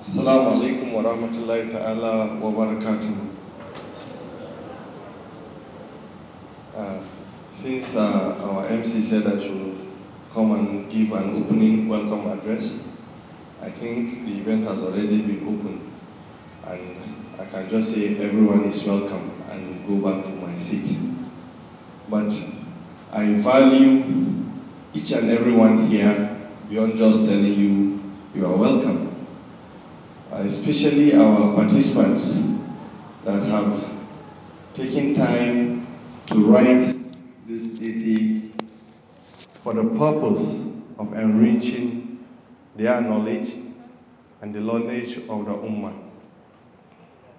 Assalamu alaikum wa rahmatullahi ta'ala wa barakatuh. Uh, since uh, our MC said I should come and give an opening welcome address, I think the event has already been opened. And I can just say everyone is welcome and go back to my seat. But I value each and everyone here beyond just telling you you are welcome especially our participants that have taken time to write this essay for the purpose of enriching their knowledge and the knowledge of the Ummah.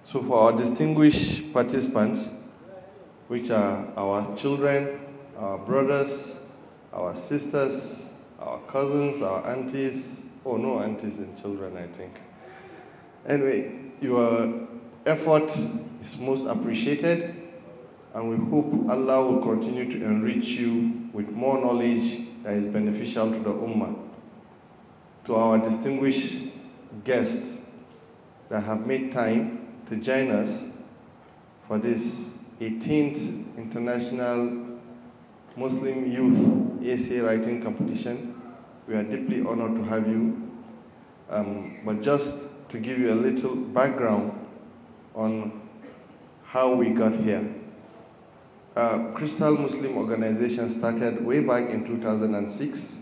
So for our distinguished participants, which are our children, our brothers, our sisters, our cousins, our aunties, oh no aunties and children I think, Anyway, your effort is most appreciated and we hope Allah will continue to enrich you with more knowledge that is beneficial to the Ummah. To our distinguished guests that have made time to join us for this 18th International Muslim Youth Essay Writing Competition, we are deeply honored to have you. Um, but just to give you a little background on how we got here. Uh, Crystal Muslim Organization started way back in 2006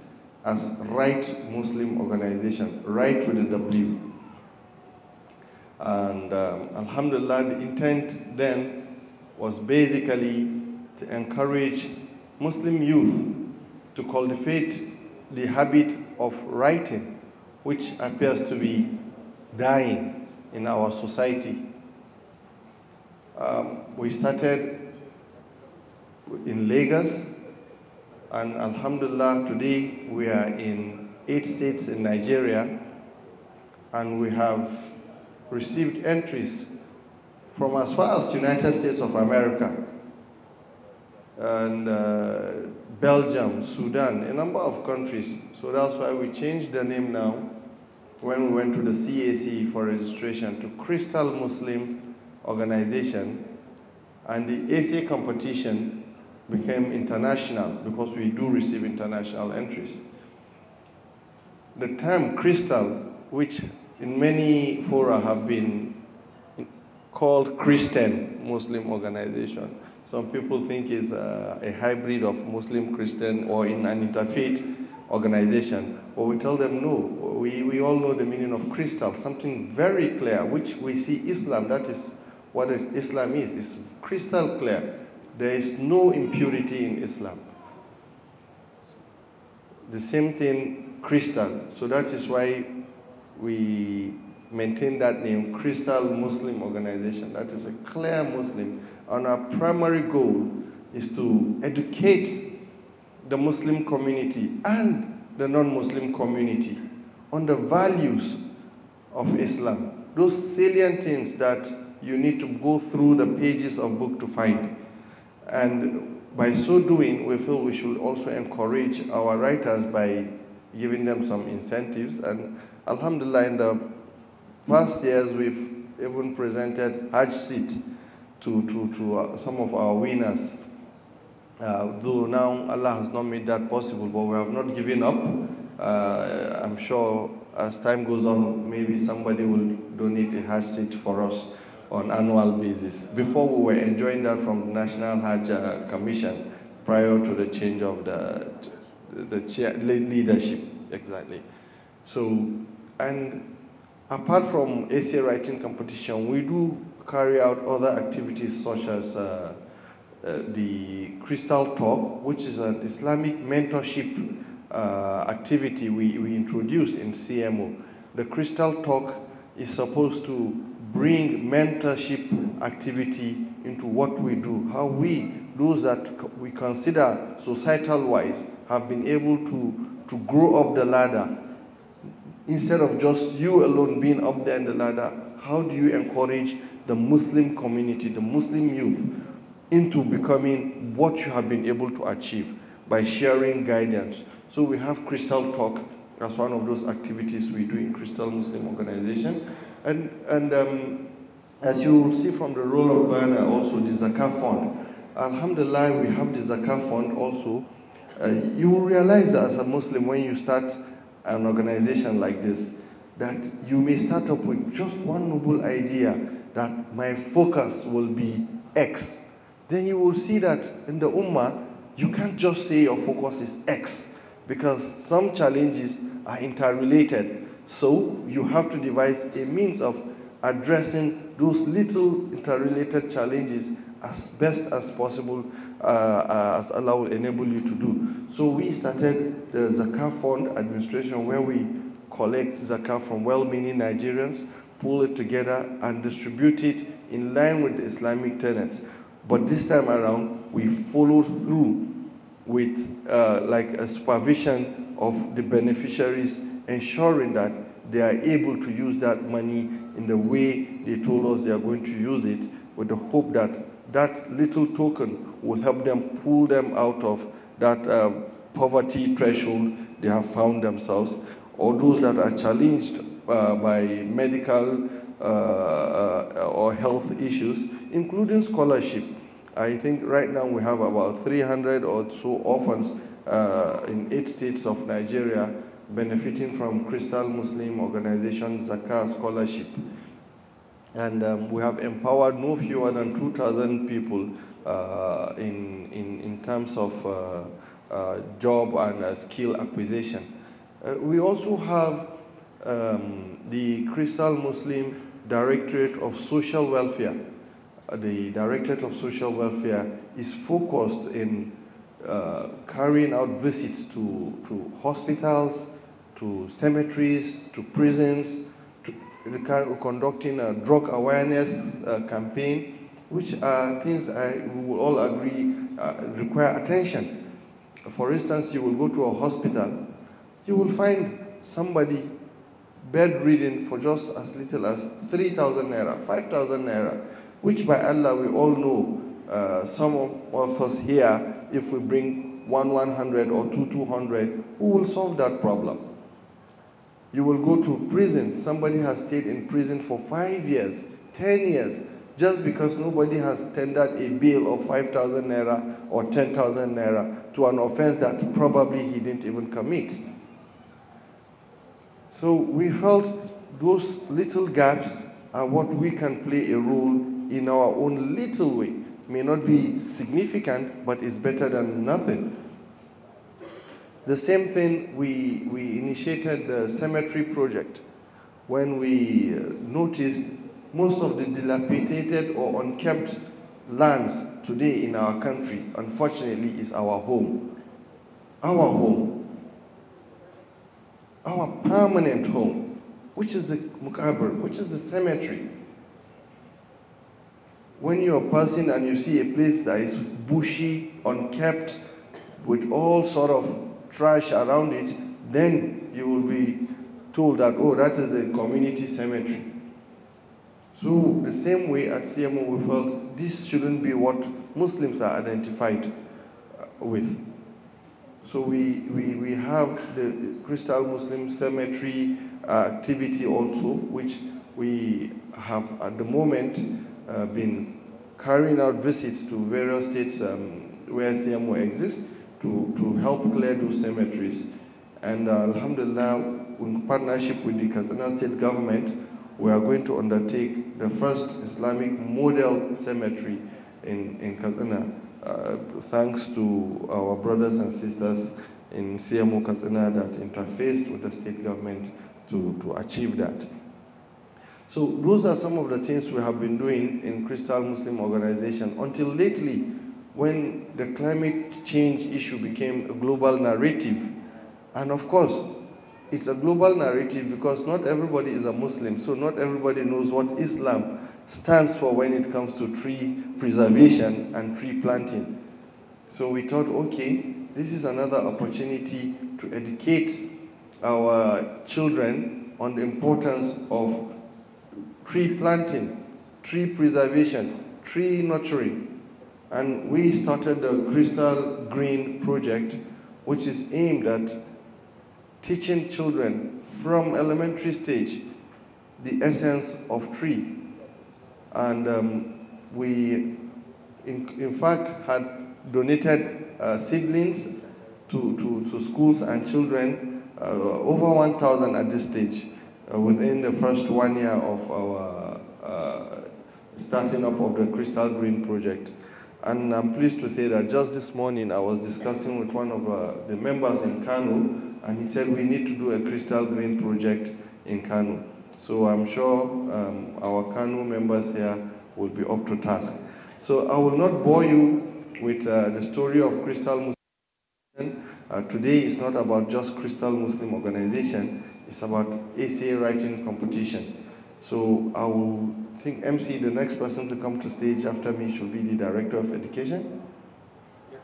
as Right Muslim Organization, Right with a W. And um, Alhamdulillah, the intent then was basically to encourage Muslim youth to cultivate the habit of writing, which appears to be dying in our society. Um, we started in Lagos, and Alhamdulillah, today we are in eight states in Nigeria, and we have received entries from as far as United States of America, and uh, Belgium, Sudan, a number of countries. So that's why we changed the name now when we went to the CAC for registration to Crystal Muslim Organization, and the AC competition became international because we do receive international entries. The term crystal, which in many fora have been called Christian Muslim organization. Some people think it's a, uh, a hybrid of Muslim, Christian, or in an interfaith organization. But we tell them, no, we, we all know the meaning of crystal, something very clear, which we see Islam, that is what Islam is, It's crystal clear. There is no impurity in Islam. The same thing, crystal. So that is why we maintain that name, Crystal Muslim Organization. That is a clear Muslim. And our primary goal is to educate the Muslim community and the non-Muslim community on the values of Islam, those salient things that you need to go through the pages of book to find. And by so doing, we feel we should also encourage our writers by giving them some incentives. And Alhamdulillah, in the past years, we've even presented Hajj seat to, to, to uh, some of our winners. Uh, though now Allah has not made that possible, but we have not given up. Uh, I'm sure as time goes on, maybe somebody will donate a Hajj seat for us on annual basis. Before we were enjoying that from National Hajj Commission prior to the change of the, the chair, leadership, exactly. So, and apart from essay writing competition, we do carry out other activities such as uh, uh, the Crystal Talk, which is an Islamic mentorship uh, activity we, we introduced in CMO. The Crystal Talk is supposed to bring mentorship activity into what we do, how we, those that we consider societal-wise, have been able to, to grow up the ladder. Instead of just you alone being up there in the ladder, how do you encourage the Muslim community, the Muslim youth, into becoming what you have been able to achieve by sharing guidance, so we have Crystal Talk as one of those activities we do in Crystal Muslim Organization. And, and um, as you will see from the role of banner also the Zakah Fund. Alhamdulillah, we have the Zakah Fund also. Uh, you will realize as a Muslim when you start an organization like this, that you may start up with just one noble idea that my focus will be X. Then you will see that in the Ummah, you can't just say your focus is X because some challenges are interrelated. So you have to devise a means of addressing those little interrelated challenges as best as possible uh, uh, as Allah will enable you to do. So we started the Zakah Fund administration where we collect Zakah from well-meaning Nigerians, pull it together and distribute it in line with the Islamic tenets. But this time around, we followed through with uh, like a supervision of the beneficiaries, ensuring that they are able to use that money in the way they told us they are going to use it, with the hope that that little token will help them pull them out of that uh, poverty threshold they have found themselves, or those that are challenged uh, by medical uh, uh or health issues, including scholarship. I think right now we have about 300 or so orphans uh, in eight states of Nigeria benefiting from Crystal Muslim Organization Zakah Scholarship. And um, we have empowered no fewer than 2,000 people uh, in, in, in terms of uh, uh job and uh, skill acquisition. Uh, we also have um, the Crystal Muslim Directorate of Social Welfare, the Directorate of Social Welfare is focused in uh, carrying out visits to, to hospitals, to cemeteries, to prisons, to conducting a drug awareness uh, campaign, which are things I we will all agree uh, require attention. For instance, you will go to a hospital, you will find somebody bedridden for just as little as 3,000 naira, 5,000 naira which by Allah we all know, uh, some of us here, if we bring one 100 or two 200, who will solve that problem? You will go to prison. Somebody has stayed in prison for five years, 10 years, just because nobody has tendered a bill of 5,000 naira or 10,000 naira to an offense that probably he didn't even commit. So we felt those little gaps are what we can play a role in our own little way may not be significant, but is better than nothing. The same thing, we, we initiated the cemetery project when we uh, noticed most of the dilapidated or unkept lands today in our country, unfortunately, is our home. Our home. Our permanent home, which is the mukabr, which is the cemetery when you're passing and you see a place that is bushy, unkept, with all sort of trash around it, then you will be told that, oh, that is the community cemetery. So the same way at CMO we felt this shouldn't be what Muslims are identified uh, with. So we, we, we have the Crystal Muslim Cemetery uh, activity also, which we have at the moment uh, been carrying out visits to various states um, where CMO exists to, to help clear those cemeteries. And uh, alhamdulillah, in partnership with the Kazana state government, we are going to undertake the first Islamic model cemetery in, in Kazana, uh, thanks to our brothers and sisters in CMO Kazana that interfaced with the state government to, to achieve that. So those are some of the things we have been doing in Crystal Muslim Organization until lately when the climate change issue became a global narrative. And of course, it's a global narrative because not everybody is a Muslim, so not everybody knows what Islam stands for when it comes to tree preservation and tree planting. So we thought, okay, this is another opportunity to educate our children on the importance of tree planting, tree preservation, tree nurturing. And we started the Crystal Green Project, which is aimed at teaching children from elementary stage the essence of tree. And um, we, in, in fact, had donated uh, seedlings to, to, to schools and children, uh, over 1,000 at this stage. Uh, within the first one year of our uh, starting up of the Crystal Green project. And I'm pleased to say that just this morning I was discussing with one of uh, the members in Kano, and he said we need to do a crystal green project in Kano. So I'm sure um, our Kano members here will be up to task. So I will not bore you with uh, the story of Crystal uh, today is not about just Crystal Muslim Organization, it's about ACA writing competition. So I will think MC, the next person to come to stage after me should be the Director of Education. Yes.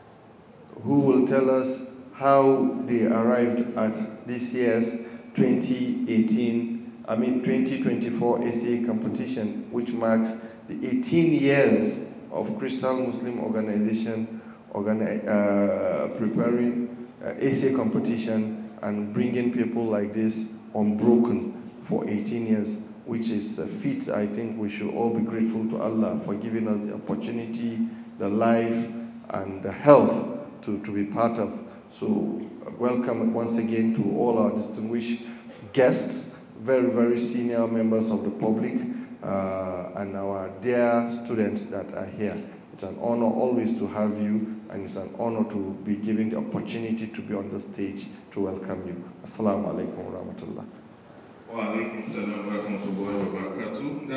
Who will tell us how they arrived at this year's 2018, I mean 2024 ACA competition, which marks the 18 years of Crystal Muslim Organization organi uh, preparing essay uh, competition and bringing people like this unbroken for 18 years, which is a feat I think we should all be grateful to Allah for giving us the opportunity, the life, and the health to, to be part of. So welcome once again to all our distinguished guests, very, very senior members of the public, uh, and our dear students that are here. It's an honor always to have you and it's an honor to be given the opportunity to be on the stage to welcome you. Assalamu alaikum wa rahmatullah. Wa alaikum salam wa rahmatullahi wa barakatuh.